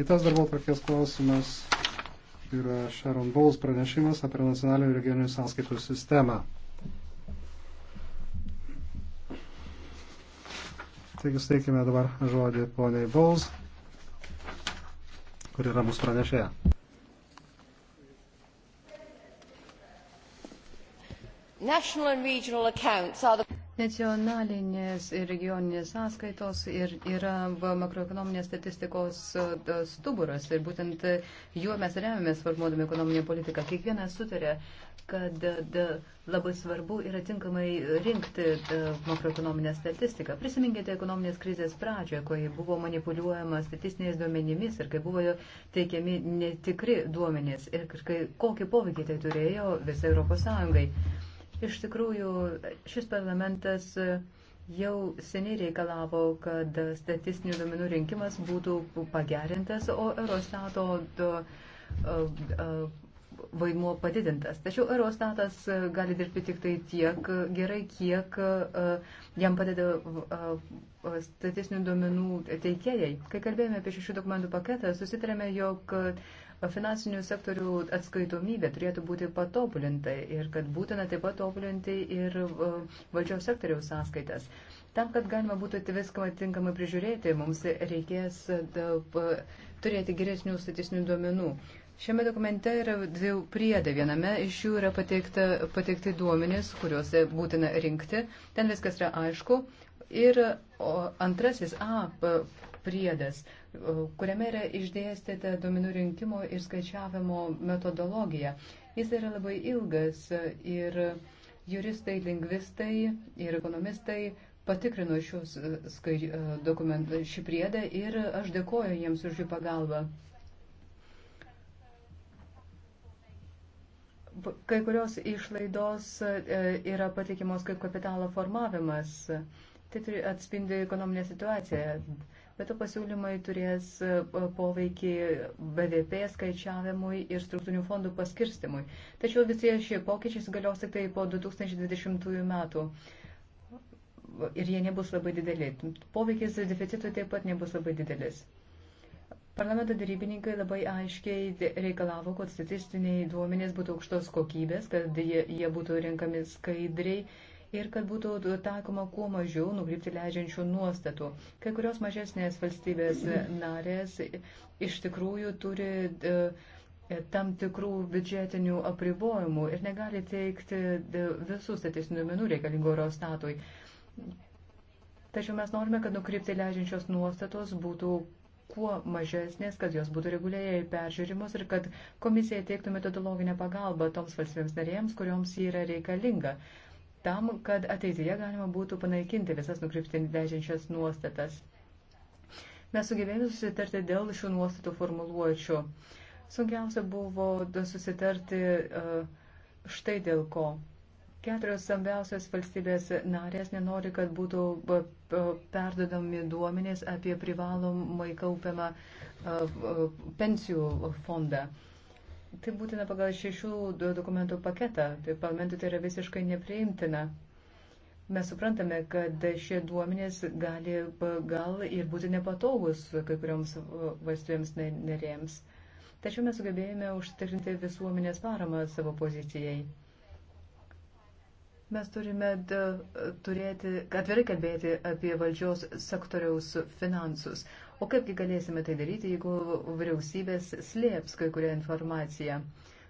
Kitas darbo trakės klausimas yra Sharon Bowles pranešimas apie nacionalinių regioninių sąskaitų sistemą. Taigi steikime dabar žodį poniai Bowles, kur yra mūsų pranešėja. National and regional accounts are the Nacionalinės ir regioninės sąskaitos ir, yra makroekonominės statistikos stuburas ir būtent juo mes remiamės formuodami ekonominę politiką. Kiekvienas sutarė, kad da, labai svarbu yra tinkamai rinkti da, makroekonominę statistiką. Prisiminkite ekonominės krizės pradžią, kai buvo manipuliuojama statistiniais duomenimis ir kai buvo teikiami netikri duomenys ir kai, kokį poveikį tai turėjo visai Europos Sąjungai. Iš tikrųjų, šis parlamentas jau seniai reikalavo, kad statistinių duomenų rinkimas būtų pagerintas, o Eurostato vaidmuo padidintas. Tačiau Eurostatas gali dirbti tik tai tiek gerai, kiek jam padeda statistinių duomenų teikėjai. Kai kalbėjome apie šešių dokumentų paketą, susitarėme, jog finansinių sektorių atskaitomybė turėtų būti patobulinta ir kad būtina taip pat tobulinti ir e, valdžios sektoriaus sąskaitas. Tam, kad galima būtų viską tinkamai prižiūrėti, mums reikės e, turėti geresnių statistinių duomenų. Šiame dokumente yra dvi priedai. Viename iš jų yra pateikta, pateikti duomenys, kuriuos būtina rinkti. Ten viskas yra aišku. Ir o, antrasis A priedas kuriame yra išdėstėta duomenų rinkimo ir skaičiavimo metodologija. Jis yra labai ilgas ir juristai, lingvistai ir ekonomistai patikrino šios e, e, dokumentų šį priedą ir aš dėkoju jiems už jų pagalbą. Kai kurios išlaidos e, yra patikimos kaip kapitalo formavimas. Tai atspindi ekonominę situaciją. Bet to pasiūlymai turės e, poveikį BVP skaičiavimui ir struktūrinių fondų paskirstimui. Tačiau visi šie pokyčiai galios tik tai po 2020 metų. Ir jie nebus labai dideli. Poveikis deficitui taip pat nebus labai didelis. Parlamento darybininkai labai aiškiai reikalavo, kad statistiniai duomenės būtų aukštos kokybės, kad jie, jie būtų renkami skaidriai ir kad būtų taikoma kuo mažiau nukrypti leidžiančių nuostatų. Kai kurios mažesnės valstybės narės iš tikrųjų turi e, tam tikrų biudžetinių apribojimų ir negali teikti e, visų statistinių menų reikalingų Eurostatui. Tačiau mes norime, kad nukrypti leidžiančios nuostatos būtų kuo mažesnės, kad jos būtų reguliariai peržiūrimos ir kad komisija teiktų metodologinę pagalbą toms valstybėms narėms, kurioms ji yra reikalinga tam, kad ateityje galima būtų panaikinti visas nukryptinį vežinčias nuostatas. Mes sugebėjome susitarti dėl šių nuostatų formuluočių. Sunkiausia buvo susitarti e, štai dėl ko. Keturios stambiausios valstybės narės nenori, kad būtų e, perdodami duomenys apie privalomai kaupiamą e, pensijų fondą. Tai būtina pagal šešių dokumentų paketą. Tai parlamentui tai yra visiškai nepriimtina. Mes suprantame, kad šie duomenys gali gal ir būti nepatogus kai kurioms valstybėms narėms. Tačiau mes sugebėjome užtikrinti visuomenės paramą savo pozicijai. Mes turime e, turėti, atvirai kalbėti apie valdžios sektoriaus finansus. O kaipgi galėsime tai daryti, jeigu vyriausybės slėps kai kurią informaciją?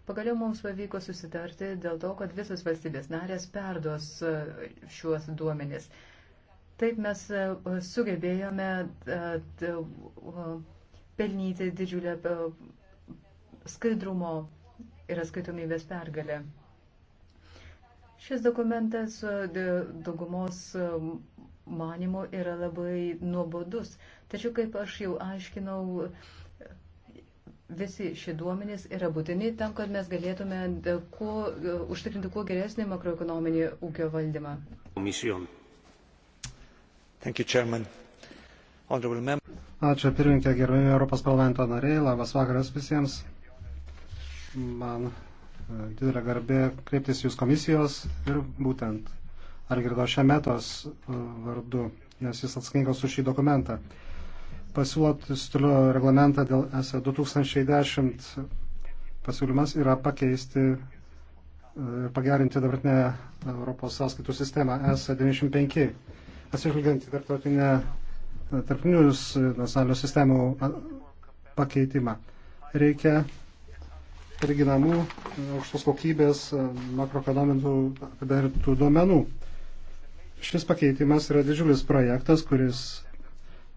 Pagaliau mums pavyko susitarti dėl to, kad visos valstybės narės perduos e, šiuos duomenis. Taip mes e, sugebėjome pelnyti didžiulę skaidrumo ir atskaitomybės pergalę. Šis dokumentas e, daugumos e, manimo yra labai nuobodus. Tačiau, kaip aš jau aiškinau, visi šie duomenys yra būtini tam, kad mes galėtume e, kuo, užtikrinti kuo geresnį makroekonominį ūkio valdymą. Komisijon. Ačiū pirmininkė, gerbėjai Europos parlamento nariai, labas vakaras visiems. Man didelė garbė kreiptis jūs komisijos ir būtent Algirdo Šemetos e, vardu, nes jis atsakingas už šį dokumentą. Pasiūlot stilių reglamentą dėl ES 2010 e pasiūlymas yra pakeisti e, ir pagerinti dabartinę Europos sąskaitų sistemą ES 95. Atsižvelgiant į tarptautinę tarpinius nacionalinių sistemų pakeitimą. Reikia priginamų e, aukštos kokybės e, makroekonominių apibendrintų duomenų. Šis pakeitimas yra didžiulis projektas, kuris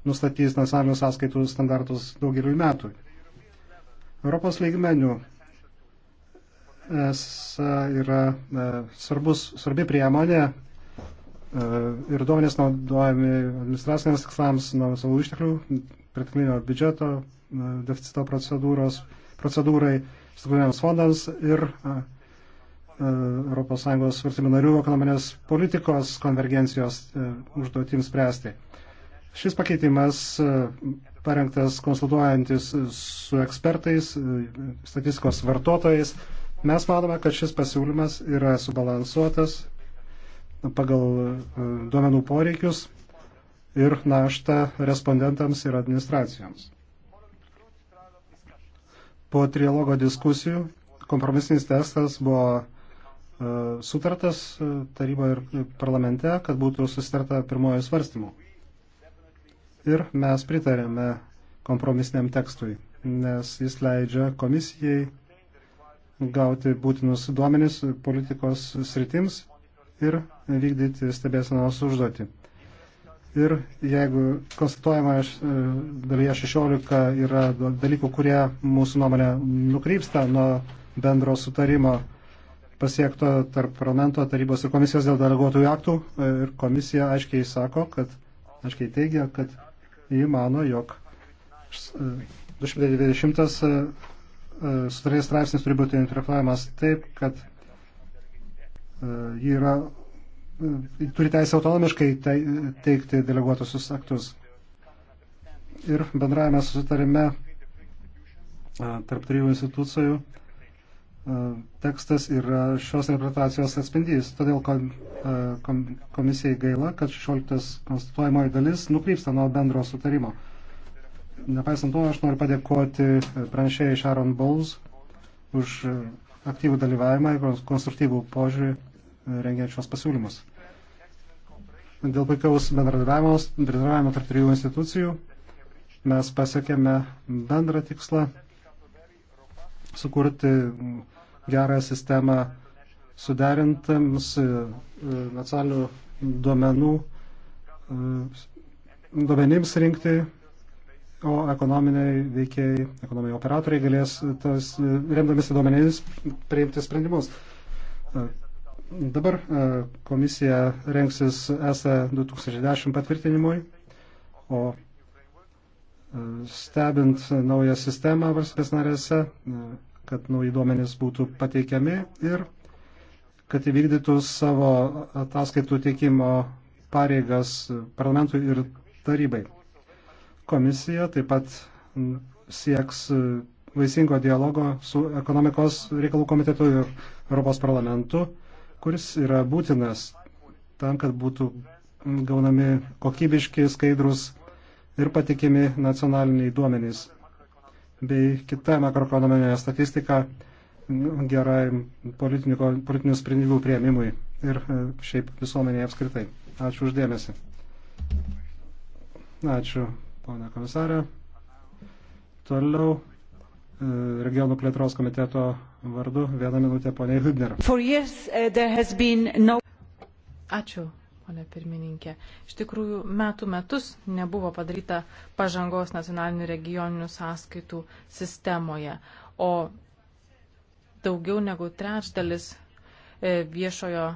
nustatys nacionalinių sąskaitų standartus daugeliu metų. Europos lygmenių yra e, svarbus, svarbi priemonė ir duomenės naudojami administraciniams tikslams nuo savo išteklių, pritiklinio biudžeto, deficito procedūros, procedūrai, struktūriniams fondams ir ES valstybių narių ekonominės politikos konvergencijos e, užduotims spręsti. Šis pakeitimas e, parengtas konsultuojantis su ekspertais, e, statistikos vartotojais. Mes manome, kad šis pasiūlymas yra subalansuotas pagal duomenų poreikius ir naštą respondentams ir administracijoms. Po trialogo diskusijų kompromisinis testas buvo e, sutartas e, taryboje ir parlamente, kad būtų susitarta pirmojo svarstymu. Ir mes pritarėme kompromisiniam tekstui, nes jis leidžia komisijai gauti būtinus duomenis politikos sritims ir vykdyti stebėsenos užduotį. Ir jeigu konstatuojama e, dalyje 16 yra dalykų, kurie mūsų nuomonė nukrypsta nuo bendro sutarimo pasiekto tarp parlamento tarybos ir komisijos dėl deleguotųjų aktų, e, ir komisija aiškiai sako, kad, aiškiai teigia, kad jį mano, jog 220 e, sutarės straipsnis turi būti interpretuojamas taip, kad jį yra Mm. turi teisę autonomiškai teikti deleguotusius aktus. Ir bendravime susitarime tarp trijų institucijų tekstas yra šios interpretacijos atspindys. Todėl komisijai gaila, kad 16 konstituojamoji dalis nukrypsta nuo bendro sutarimo. Nepaisant to, aš noriu padėkoti pranešėjai Sharon Bowles už aktyvų dalyvavimą ir konstruktyvų požiūrį rengiančios pasiūlymus. Dėl puikaus bendradarbiavimo tarp trijų institucijų mes pasiekėme bendrą tikslą sukurti gerą sistemą suderintams e, nacionalinių duomenų e, duomenims rinkti, o ekonominiai veikiai, ekonominiai operatoriai galės tos, remdamėsi duomenimis priimti sprendimus. E, Dabar e, komisija renksis ESA 2010 patvirtinimui, o e, stebint naują sistemą valstybės narėse, e, kad nauji duomenys būtų pateikiami ir kad įvykdytų savo ataskaitų teikimo pareigas parlamentui ir tarybai. Komisija taip pat sieks vaisingo dialogo su ekonomikos reikalų komitetu ir Europos parlamentu kuris yra būtinas tam, kad būtų gaunami kokybiški, skaidrus ir patikimi nacionaliniai duomenys bei kita makroekonominė statistika gerai politinių sprendimų prieimimui ir e, šiaip visuomenėje apskritai. Ačiū uždėmesi. Ačiū, pana komisarė. Toliau E, regionų plėtros komiteto vardu. Vieną minutę, ponė Hübner. Years, e, no... Ačiū, ponė pirmininkė. Iš tikrųjų, metų metus nebuvo padaryta pažangos nacionalinių regioninių sąskaitų sistemoje, o daugiau negu trečdalis e, viešojo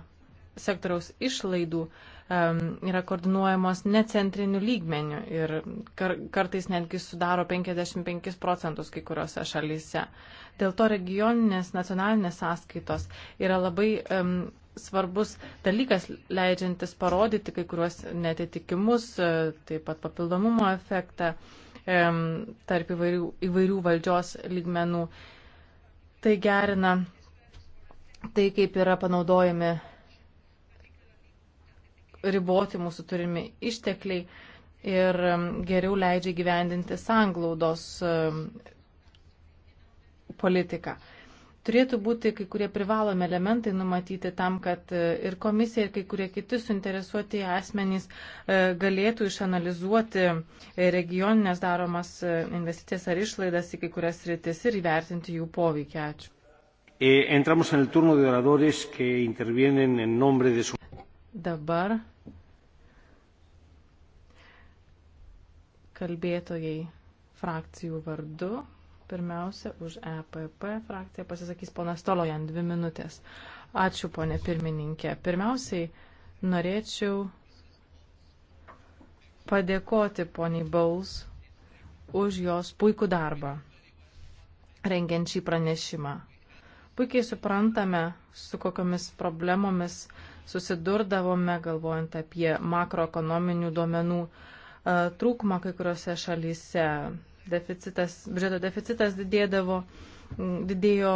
sektoriaus išlaidų yra koordinuojamos necentriniu lygmeniu ir kar, kartais netgi sudaro 55 procentus kai kuriuose šalyse. Dėl to regioninės nacionalinės sąskaitos yra labai um, svarbus dalykas, leidžiantis parodyti kai kuriuos netitikimus, e, taip pat papildomumo efektą um, tarp įvairių, įvairių valdžios lygmenų. Tai gerina tai, kaip yra panaudojami riboti mūsų turimi ištekliai ir um, geriau leidžia gyvendinti sanglaudos um, politiką. Turėtų būti kai kurie privalomi elementai numatyti tam, kad uh, ir komisija, ir kai kurie kiti suinteresuoti asmenys uh, galėtų išanalizuoti regioninės daromas uh, investicijas ar išlaidas į kai kurias rytis ir įvertinti jų poveikį. Ačiū. Eh, entramos en el turno de oradores que intervienen en nombre de su Dabar kalbėtojai frakcijų vardu. Pirmiausia, už EPP frakciją pasisakys ponas Tolojan, dvi minutės. Ačiū, ponė pirmininkė. Pirmiausiai, norėčiau padėkoti poniai Baus už jos puikų darbą rengiant šį pranešimą. Puikiai suprantame, su kokiomis problemomis susidurdavome, galvojant apie makroekonominių duomenų e, trūkumą kai kuriuose šalyse. Deficitas, biudžeto deficitas didėdavo, didėjo,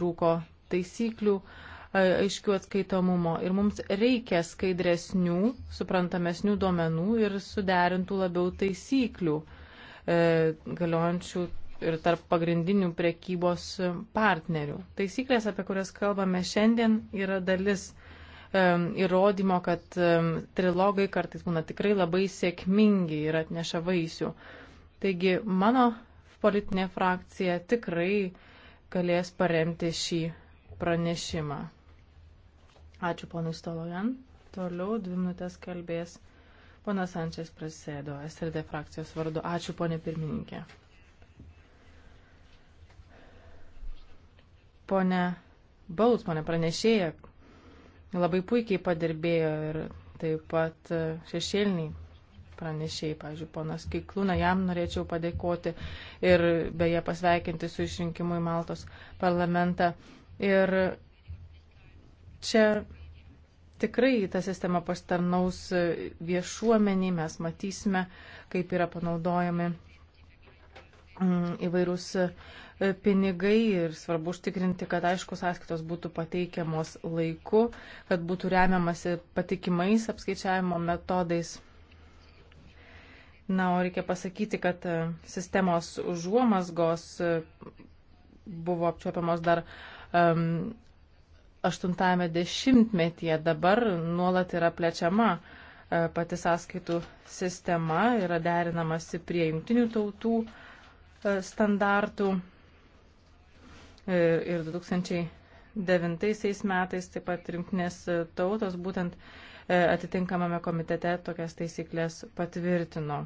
trūko taisyklių, e, aiškių atskaitomumo. Ir mums reikia skaidresnių, suprantamesnių duomenų ir suderintų labiau taisyklių e, galiojančių ir tarp pagrindinių prekybos partnerių. Taisyklės, apie kurias kalbame šiandien, yra dalis įrodymo, kad trilogai kartais būna tikrai labai sėkmingi ir atneša vaisių. Taigi mano politinė frakcija tikrai galės paremti šį pranešimą. Ačiū ponui Stolojan. Toliau dvi minutės kalbės ponas Ančias Prasėdo, SRD frakcijos vardu. Ačiū ponė pirmininkė. Pone Baus, pone pranešėja, labai puikiai padirbėjo ir taip pat e, šešėliniai pranešėjai, pavyzdžiui, ponas Kiklūna, jam norėčiau padėkoti ir beje pasveikinti su išrinkimu į Maltos parlamentą. Ir čia tikrai ta sistema pastarnaus viešuomenį, mes matysime, kaip yra panaudojami Mm, įvairūs e, pinigai ir svarbu užtikrinti, kad aišku sąskaitos būtų pateikiamos laiku, kad būtų remiamasi patikimais apskaičiavimo metodais. Na, o reikia pasakyti, kad e, sistemos užuomasgos e, buvo apčiuopiamos dar um, 80-ame dešimtmetyje, dabar nuolat yra plečiama pati sąskaitų sistema, yra derinamasi prie jungtinių tautų uh, E, standartų. E, ir 2009 metais taip pat rinktinės tautos būtent e, atitinkamame komitete tokias taisyklės patvirtino.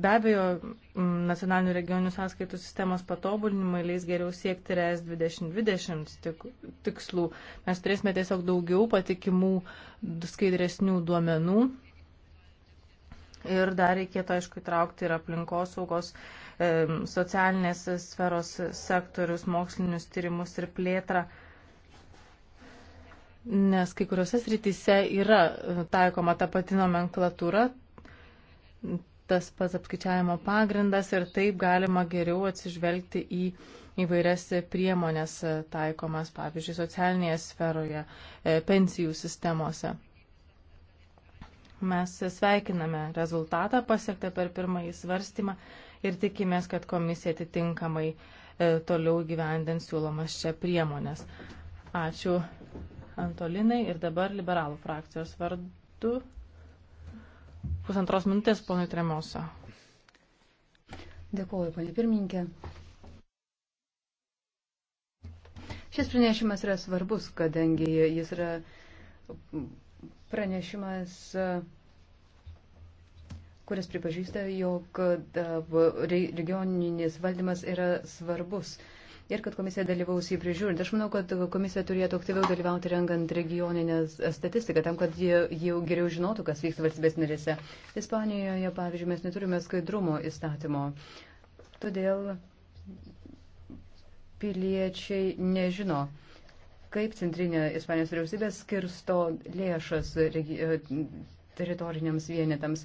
Be abejo, nacionalinių regioninių sąskaitų sistemos patobulinimai leis geriau siekti RES 2020 tikslų. Mes turėsime tiesiog daugiau patikimų, skaidresnių duomenų Ir dar reikėtų, aišku, įtraukti ir aplinkosaugos, socialinės sferos sektorius, mokslinius tyrimus ir plėtrą. Nes kai kuriuose srityse yra e, taikoma ta pati nomenklatūra, tas pats apskaičiavimo pagrindas ir taip galima geriau atsižvelgti į įvairias priemonės taikomas, pavyzdžiui, socialinėje sferoje, e, pensijų sistemose. Mes sveikiname rezultatą pasiektą per pirmąjį svarstymą ir tikimės, kad komisija atitinkamai e, toliau gyvendins siūlomas čia priemonės. Ačiū Antolinai ir dabar liberalų frakcijos vardu. Pusantros minutės, ponui Tremoso. Dėkuoju, ponė pirmininkė. Šis pranešimas yra svarbus, kadangi jis yra pranešimas, kuris pripažįsta, jog regioninis valdymas yra svarbus ir kad komisija dalyvaus jį prižiūrint. Aš manau, kad komisija turėtų aktyviau dalyvauti rengant regioninę statistiką, tam, kad jie jau geriau žinotų, kas vyksta valstybės narėse. Ispanijoje, pavyzdžiui, mes neturime skaidrumo įstatymo. Todėl piliečiai nežino, kaip centrinė Ispanijos vyriausybė skirsto lėšas e, teritoriniams vienetams.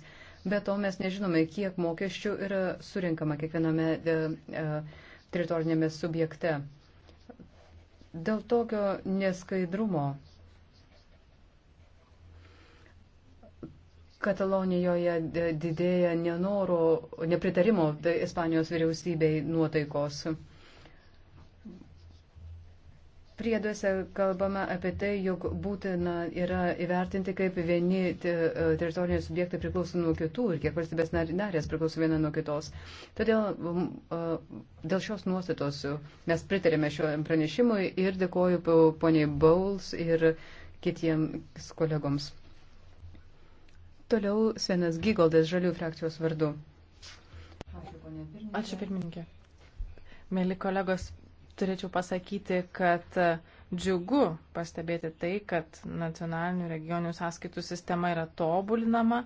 Be to mes nežinome, kiek mokesčių yra surinkama kiekviename e, e, teritorinėme subjekte. Dėl tokio neskaidrumo Katalonijoje didėja nenoro, nepritarimo Ispanijos vyriausybei nuotaikos. Prieduose kalbama apie tai, jog būtina yra įvertinti, kaip vieni e, teritorijos subjektai priklauso nuo kitų ir kiek valstybės narės priklauso viena nuo kitos. Todėl e, dėl šios nuostatos mes pritarėme šiam pranešimui ir dėkoju poniai Bauls ir kitiems kolegoms. Toliau Svenas Gygoldas Žalių frakcijos vardu. Ačiū, Ačiū pirmininkė. Mėly kolegos, turėčiau pasakyti, kad e, džiugu pastebėti tai, kad nacionalinių regionių sąskaitų sistema yra tobulinama,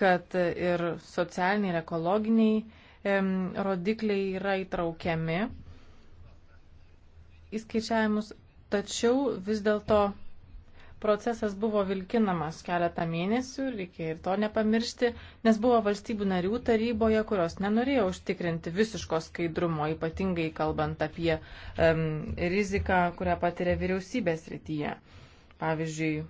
kad e, ir socialiniai ir ekologiniai em, rodikliai yra įtraukiami į skaičiavimus, tačiau vis dėlto procesas buvo vilkinamas keletą mėnesių, reikia ir to nepamiršti, nes buvo valstybių narių taryboje, kurios nenorėjo užtikrinti visiško skaidrumo, ypatingai kalbant apie um, riziką, kurią patiria vyriausybės rytyje. Pavyzdžiui,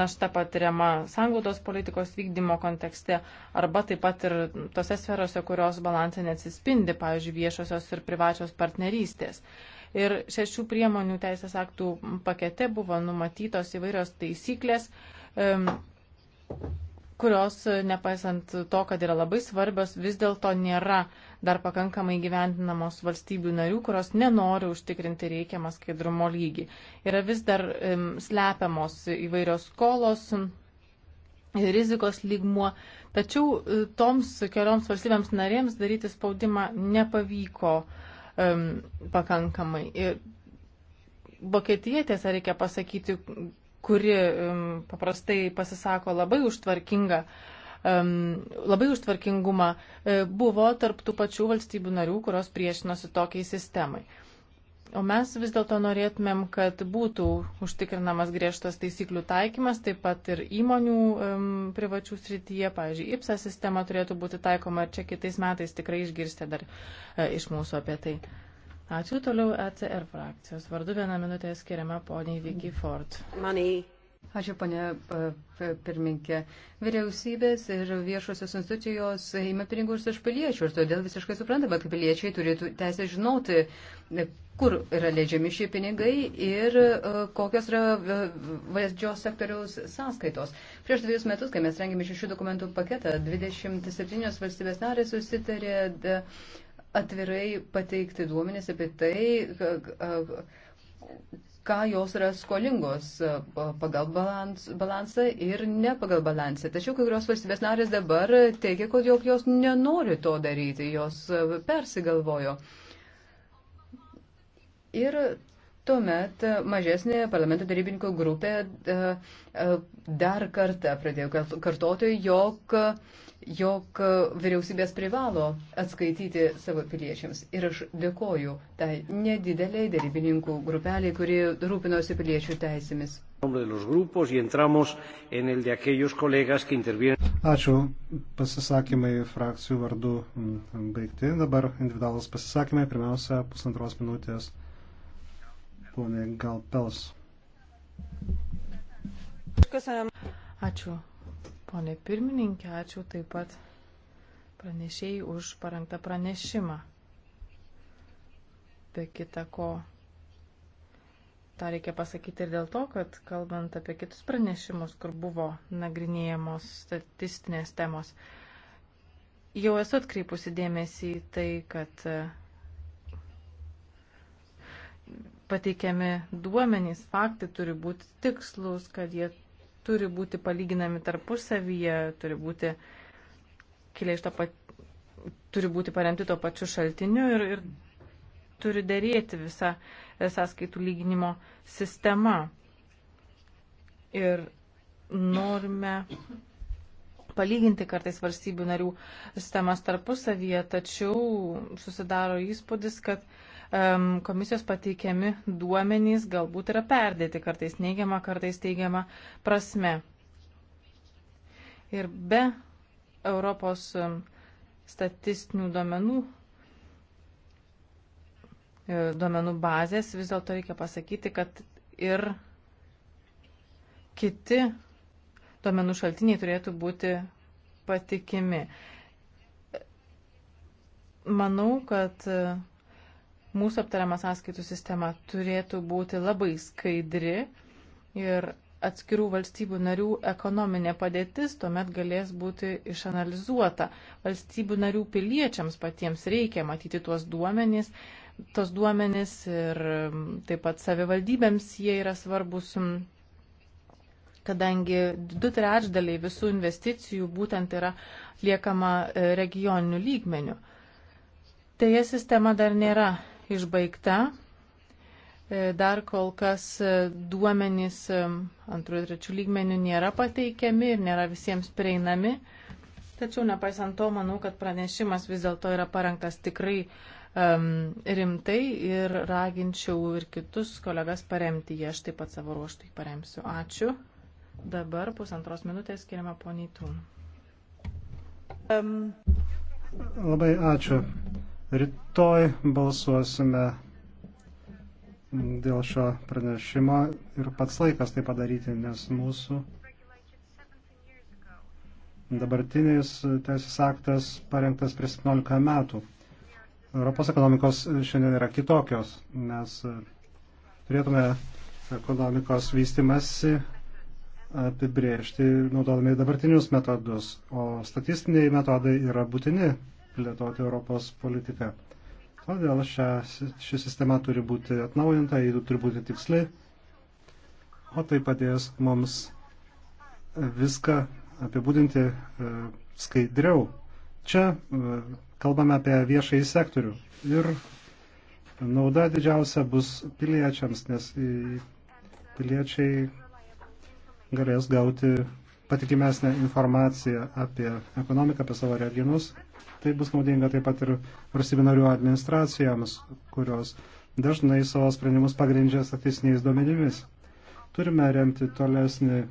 našta patiriama sanglaudos politikos vykdymo kontekste arba taip pat ir tose sferose, kurios balansai neatsispindi, pavyzdžiui, viešosios ir privačios partnerystės. Uh, Ir šešių priemonių teisės aktų pakete buvo numatytos įvairios taisyklės, kurios, nepaisant to, kad yra labai svarbios, vis dėlto nėra dar pakankamai gyventinamos valstybių narių, kurios nenori užtikrinti reikiamą skaidrumo lygį. Yra vis dar um, slepiamos įvairios skolos, rizikos lygmuo, tačiau e, toms kelioms valstybėms narėms daryti spaudimą nepavyko. Uh, um, pakankamai. Ir Vokietija, tiesa, reikia pasakyti, kuri um, paprastai pasisako labai užtvarkingą um, labai užtvarkingumą, e, buvo tarptų pačių valstybių narių, kurios priešinosi tokiai sistemai. O mes vis dėlto norėtumėm, kad būtų užtikrinamas griežtas taisyklių taikymas, taip pat ir įmonių um, privačių srityje, pavyzdžiui, IPSA sistema turėtų būti taikoma ir čia kitais metais tikrai išgirsite dar e, iš mūsų apie tai. Ačiū toliau ECR frakcijos. Vardu vieną minutę skiriama poniai Vicky Ford. Money. Ačiū, ponė e, pirminkė. Vyriausybės ir viešosios institucijos įima pinigus iš piliečių ir todėl visiškai suprantama, kad piliečiai turėtų teisę žinoti, e, kur yra leidžiami šie pinigai ir e, kokios yra valdžios sektoriaus sąskaitos. Prieš dviejus metus, kai mes rengėme šešių dokumentų paketą, 27 valstybės narės susitarė atvirai pateikti duomenės apie tai, ką jos yra skolingos e, pagal balans, balansą ir ne pagal balansą. Tačiau kai kurios valstybės narės dabar teigia, kad jog jos nenori to daryti, jos e, persigalvojo. Ir tuomet mažesnė parlamento darybininkų grupė e, dar kartą pradėjo kartoti, jog jog vyriausybės privalo atskaityti savo piliečiams. Ir aš dėkoju tai nedideliai darybininkų grupeliai, kuri rūpinosi piliečių teisėmis. Ačiū. Pasisakymai frakcijų vardu mm, baigti. Dabar individualus pasisakymai. Pirmiausia, pusantros minutės. Pone Galpels. Ačiū. Pone pirmininkė, ačiū taip pat pranešėjai už parengtą pranešimą. Be kita ko, tą reikia pasakyti ir dėl to, kad kalbant apie kitus pranešimus, kur buvo nagrinėjamos statistinės temos, jau esu atkreipusi dėmesį į tai, kad e, pateikiami duomenys, faktai turi būti tikslus, kad jie turi būti palyginami tarpusavyje, turi būti kilę iš to pat, turi būti paremti to pačiu šaltiniu ir, ir turi dėrėti visa sąskaitų lyginimo sistema. Ir norime palyginti kartais valstybių narių sistemas tarpusavyje, tačiau susidaro įspūdis, kad uh, komisijos pateikiami duomenys galbūt yra perdėti kartais neigiama, kartais teigiama prasme. Ir be Europos statistinių duomenų, e, duomenų bazės vis dėlto reikia pasakyti, kad ir kiti duomenų šaltiniai turėtų būti patikimi. Manau, kad mūsų aptariama sąskaitų sistema turėtų būti labai skaidri ir atskirų valstybių narių ekonominė padėtis tuomet galės būti išanalizuota. Valstybių narių piliečiams patiems reikia matyti tuos duomenys, tos duomenys ir taip pat savivaldybėms jie yra svarbus, kadangi du trečdaliai visų investicijų būtent yra liekama e, regioninių lygmenių. Teja sistema dar nėra išbaigta. E, dar kol kas e, duomenys e, antrų ir trečių lygmenių nėra pateikiami ir nėra visiems prieinami. Tačiau nepaisant to, manau, kad pranešimas vis dėlto yra parengtas tikrai um, rimtai ir raginčiau ir kitus kolegas paremti jį. Aš taip pat savo ruoštų jį paremsiu. Ačiū. Dabar pusantros minutės skiriama poniai Tūn. Um. Labai ačiū. Rytoj balsuosime dėl šio pranešimo ir pats laikas tai padaryti, nes mūsų dabartinis teisės aktas parengtas prieš 17 metų. Europos ekonomikos šiandien yra kitokios, mes turėtume ekonomikos vystimasi apibriežti naudodami dabartinius metodus, o statistiniai metodai yra būtini plėtoti Europos politiką. Todėl šią, ši sistema turi būti atnaujinta, jį turi būti tiksliai, o tai padės mums viską apibūdinti e, skaidriau. Čia e, kalbame apie viešąjį sektorių ir nauda didžiausia bus piliečiams, nes piliečiai galės gauti patikimesnę informaciją apie ekonomiką, apie savo regionus. Tai bus naudinga taip pat ir valstybių narių administracijoms, kurios dažnai savo sprendimus pagrindžia statistiniais duomenimis. Turime remti tolesnį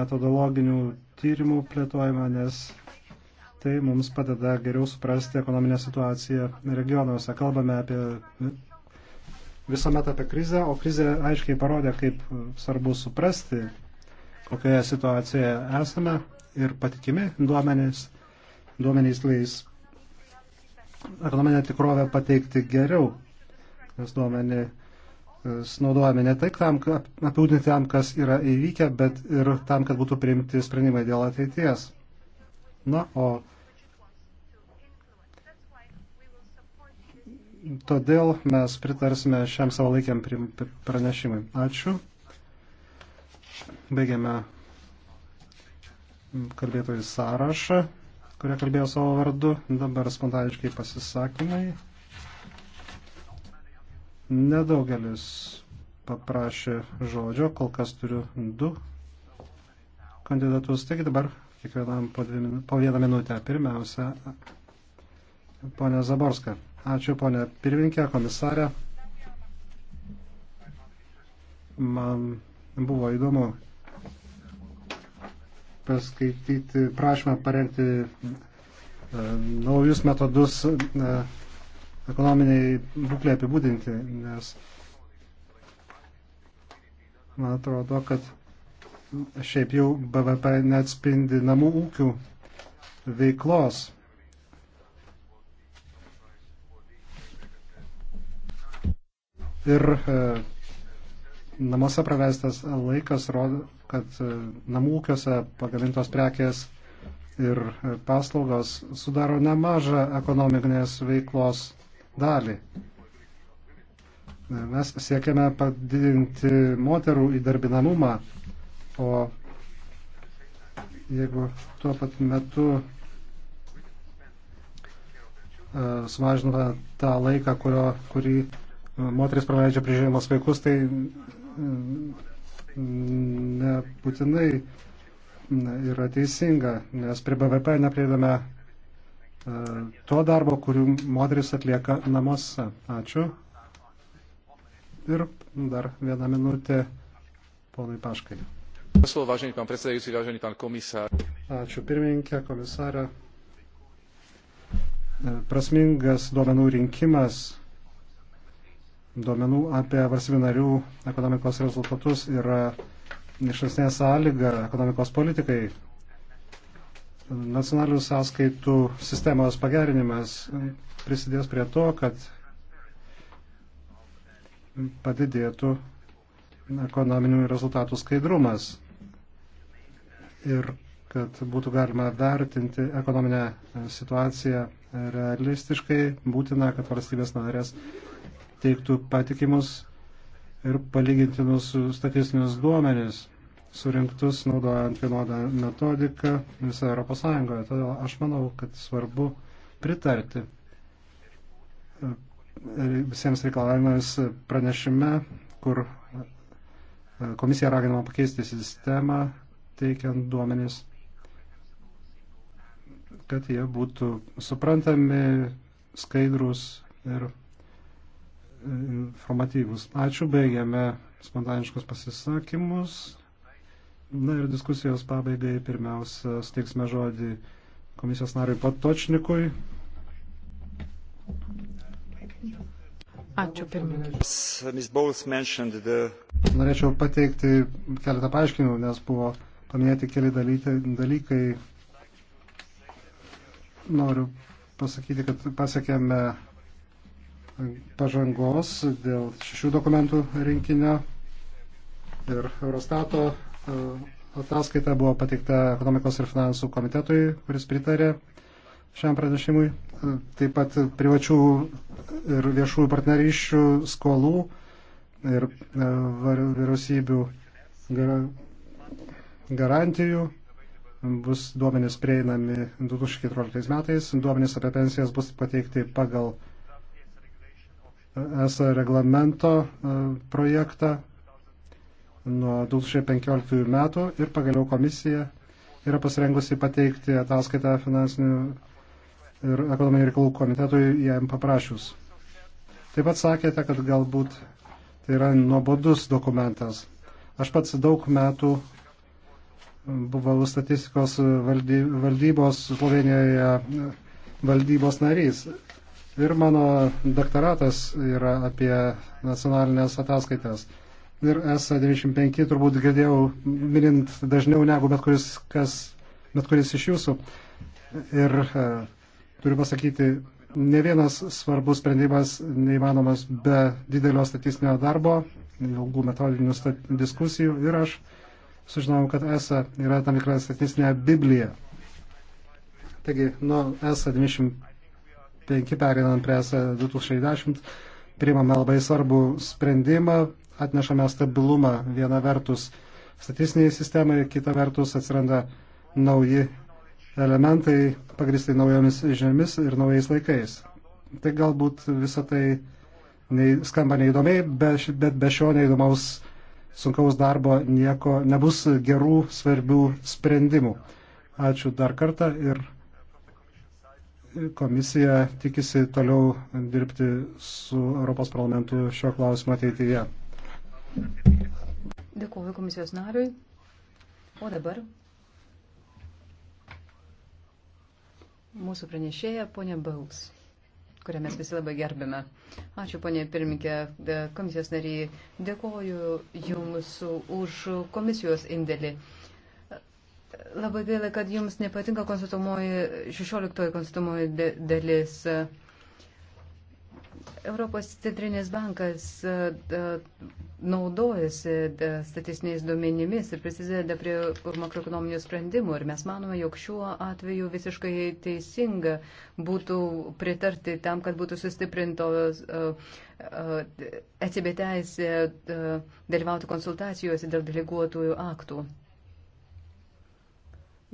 metodologinių tyrimų plėtojimą, nes tai mums padeda geriau suprasti ekonominę situaciją regionuose. Kalbame apie visuomet apie krizę, o krizė aiškiai parodė, kaip svarbu suprasti kokioje situacijoje esame ir patikimi duomenys, duomenys leis ekonominę tikrovę pateikti geriau, nes duomenys naudojami ne tik tam, apibūdinti tam, kas yra įvykę, bet ir tam, kad būtų priimti sprendimai dėl ateities. Na, o todėl mes pritarsime šiam savalaikiam pranešimui. Ačiū. Baigiame kalbėtojų sąrašą, kurie kalbėjo savo vardu. Dabar spontaniškai pasisakymai. Nedaugelis paprašė žodžio, kol kas turiu du kandidatus. Taigi dabar kiekvienam po, dvi, po vieną minutę. Pirmiausia, ponė Zaborska. Ačiū, ponė pirmininkė, komisarė. Man Buvo įdomu paskaityti prašymą parengti e, naujus metodus e, ekonominiai būklė apibūdinti, nes man atrodo, kad šiaip jau BVP neatspindi namų ūkių veiklos. Ir e, Namuose praleistas laikas rodo, kad e, namų ūkiuose pagamintos prekės ir e, paslaugos sudaro nemažą ekonominės veiklos dalį. E, mes siekiame padidinti moterų įdarbinamumą, o jeigu tuo pat metu sumažiname tą laiką, kurio, kurį moteris praleidžia prižiūrimas vaikus, tai nebūtinai yra teisinga, nes prie BVP neprieidame e, to darbo, kurį moteris atlieka namuose. Ačiū. Ir dar vieną minutę ponui Paškai. Ačiū pirmininkė, komisarė. E, prasmingas duomenų rinkimas duomenų apie valstybių narių ekonomikos rezultatus yra išankstinė sąlyga ekonomikos politikai. Nacionalių sąskaitų sistemos pagerinimas prisidės prie to, kad padidėtų ekonominių rezultatų skaidrumas ir kad būtų galima vertinti ekonominę situaciją realistiškai, būtina, kad valstybės narės teiktų patikimus ir palygintinus statistinius duomenis surinktus naudojant vienodą metodiką visoje Europos Sąjungoje. Todėl aš manau, kad svarbu pritarti e, visiems reikalavimams pranešime, kur e, komisija raginama pakeisti sistemą, teikiant duomenis, kad jie būtų suprantami, skaidrus ir informatyvus. Ačiū, baigiame spontaniškus pasisakymus. Na ir diskusijos pabaigai pirmiausia steiksime žodį komisijos nariui Patočnikui. Ačiū pirmininkai. Norėčiau pateikti keletą paaiškinimų, nes buvo paminėti keli dalykai. Noriu pasakyti, kad pasiekėme pažangos dėl šešių dokumentų rinkinio ir Eurostato e, ataskaita buvo pateikta ekonomikos ir finansų komitetui, kuris pritarė šiam pranešimui. E, taip pat privačių ir viešųjų partnerysčių skolų ir e, vyriausybių garantijų bus duomenys prieinami 2014 metais. Duomenys apie pensijas bus pateikti pagal ESA reglamento e, projektą nuo 2015 metų ir pagaliau komisija yra pasirengusi pateikti ataskaitą finansinių ir ekonominių reikalų komitetui jam paprašius. Taip pat sakėte, kad galbūt tai yra nuobodus dokumentas. Aš pats daug metų buvau statistikos valdybos Slovenijoje valdybos narys Ir mano doktoratas yra apie nacionalinės ataskaitas. Ir S95 turbūt girdėjau minint dažniau negu bet kuris, kas, bet kuris iš jūsų. Ir e, turiu pasakyti, ne vienas svarbus sprendimas neįmanomas be didelio statistinio darbo, ilgų metodinių stat diskusijų. Ir aš sužinojau, kad ESA yra tam tikra statistinė biblija. Taigi, nuo ESA 95 5 perinant prie S2010 priimame labai svarbų sprendimą, atnešame stabilumą viena vertus statistiniai sistemai, kita vertus atsiranda nauji elementai pagristai naujomis žiniomis ir naujais laikais. Tai galbūt visą tai nei, skamba neįdomiai, bet, bet be šio neįdomaus sunkaus darbo nieko nebus gerų svarbių sprendimų. Ačiū dar kartą ir komisija tikisi toliau dirbti su Europos parlamentu šio klausimo ateityje. Dėkuoju komisijos nariui. O dabar mūsų pranešėja ponė Bauks, kurią mes visi labai gerbime. Ačiū ponė pirmininkė, komisijos nariai, dėkoju Jums už komisijos indėlį Labai gaila, kad jums nepatinka 16 konstitumoji dalis. Europos centrinės bankas e, e, naudojasi e, statistiniais duomenimis ir prisideda prie makroekonominių sprendimų. Ir mes manome, jog šiuo atveju visiškai teisinga būtų pritarti tam, kad būtų sustiprintos ECB teisė dalyvauti konsultacijose dėl deleguotųjų aktų.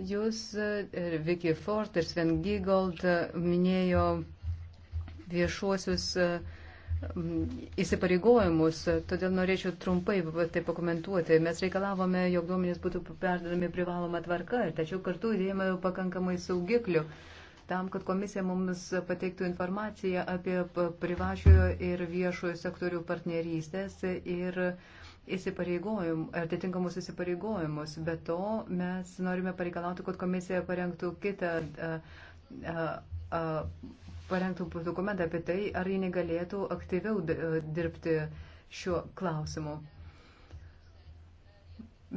Jūs, e, Vicky Ford ir Sven Giegold, e, minėjo viešuosius e, įsipareigojimus, todėl norėčiau trumpai tai pakomentuoti. Mes reikalavome, jog duomenys būtų perdodami privaloma tvarka, tačiau kartu įdėjome pakankamai saugiklių tam, kad komisija mums pateiktų informaciją apie privačiojo ir viešojo sektorių partnerystės ir uh, įsipareigojim, atitinkamus įsipareigojimus. Be to, mes norime pareikalauti, kad komisija parengtų kitą. A, a, a, parengtų dokumentą apie tai, ar jie negalėtų aktyviau dirbti šiuo klausimu.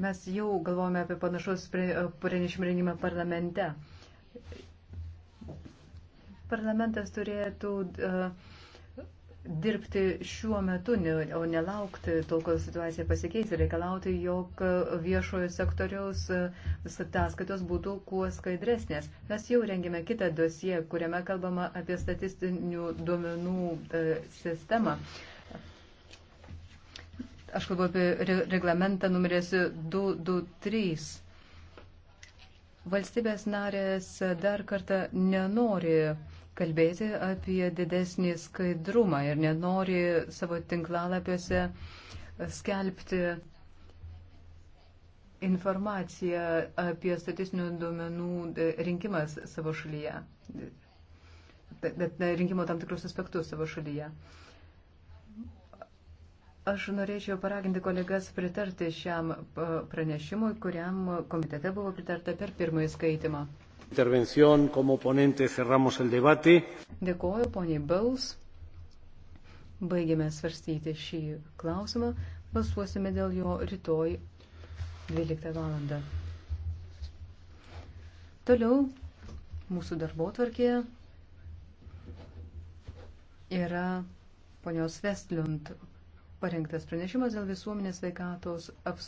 Mes jau galvojame apie panašus pranešimų rengimą parlamente. Parlamentas turėtų uh, dirbti šiuo metu, o nelaukti tol, kol situacija pasikeis ir reikalauti, jog viešojo sektoriaus ataskaitos e, būtų kuo skaidresnės. Mes jau rengėme kitą dosiją, kuriame kalbama apie statistinių duomenų e, sistemą. Aš kalbu apie reglamentą numeris 223. Valstybės narės dar kartą nenori kalbėti apie didesnį skaidrumą ir nenori savo tinklalapiuose skelbti informaciją apie statistinių duomenų rinkimas savo šalyje, rinkimo tam tikrus aspektus savo šalyje. Aš norėčiau paraginti kolegas pritarti šiam pranešimui, kuriam komitete buvo pritarta per pirmąjį skaitimą. Dėkoju, poniai Baus. Baigėme svarstyti šį klausimą. Balsuosime dėl jo rytoj 12 val. Toliau mūsų darbo tvarkėje yra ponios Vestlund parengtas pranešimas dėl visuomenės veikatos apsaugos.